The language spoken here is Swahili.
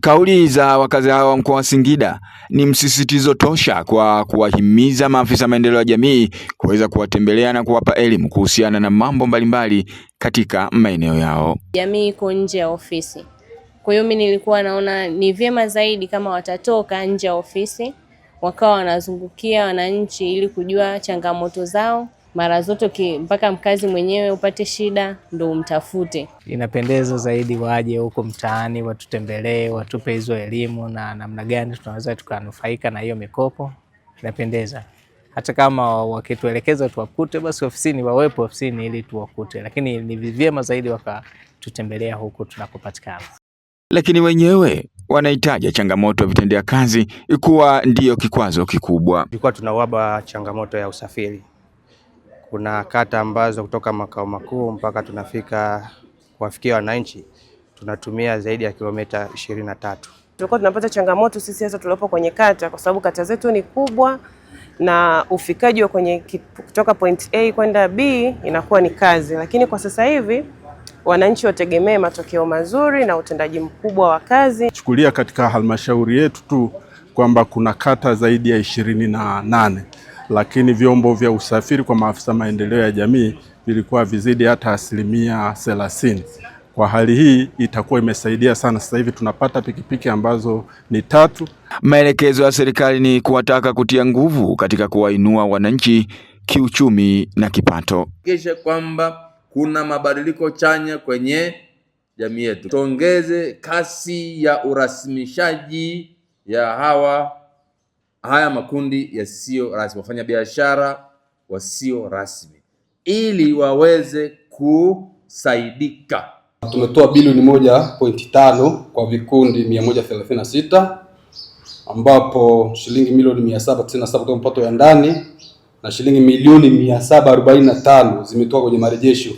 Kauli za wakazi hao wa mkoa wa Singida ni msisitizo tosha kwa kuwahimiza maafisa maendeleo ya jamii kuweza kuwatembelea na kuwapa elimu kuhusiana na mambo mbalimbali katika maeneo yao. Jamii iko nje ya ofisi, kwa hiyo mimi nilikuwa naona ni vyema zaidi kama watatoka nje ya ofisi wakawa wanazungukia wananchi ili kujua changamoto zao mara zote mpaka mkazi mwenyewe upate shida ndo umtafute. Inapendeza zaidi waje huko mtaani, watutembelee, watupe hizo elimu na namna gani tunaweza tukanufaika na hiyo mikopo. Inapendeza hata kama wakituelekeza tuwakute, basi ofisini wawepo ofisini ili tuwakute, lakini ni vyema zaidi wakatutembelea huku tunakopatikana. Lakini wenyewe wanahitaja changamoto ya vitendea kazi kuwa ndiyo kikwazo kikubwa. Tulikuwa tuna uhaba changamoto ya usafiri kuna kata ambazo kutoka makao makuu mpaka tunafika kuwafikia wananchi tunatumia zaidi ya kilomita ishirini na tatu. Tulikuwa tunapata changamoto sisi hasa tuliopo kwenye kata, kwa sababu kata zetu ni kubwa na ufikaji wa kwenye kutoka point A kwenda B inakuwa ni kazi, lakini kwa sasa hivi wananchi wategemee matokeo mazuri na utendaji mkubwa wa kazi. Chukulia katika halmashauri yetu tu kwamba kuna kata zaidi ya ishirini na nane lakini vyombo vya usafiri kwa maafisa maendeleo ya jamii vilikuwa vizidi hata asilimia thelathini. Kwa hali hii itakuwa imesaidia sana. Sasa hivi tunapata pikipiki ambazo ni tatu. Maelekezo ya serikali ni kuwataka kutia nguvu katika kuwainua wananchi kiuchumi na kipato, kisha kwamba kuna mabadiliko chanya kwenye jamii yetu, tuongeze kasi ya urasimishaji ya hawa haya makundi yasiyo rasmi, wafanyabiashara wasio rasmi, ili waweze kusaidika. Tumetoa bilioni moja pointi tano kwa vikundi 136 ambapo shilingi milioni 797 kutoka mapato ya ndani na shilingi milioni 745 zimetoka kwenye marejesho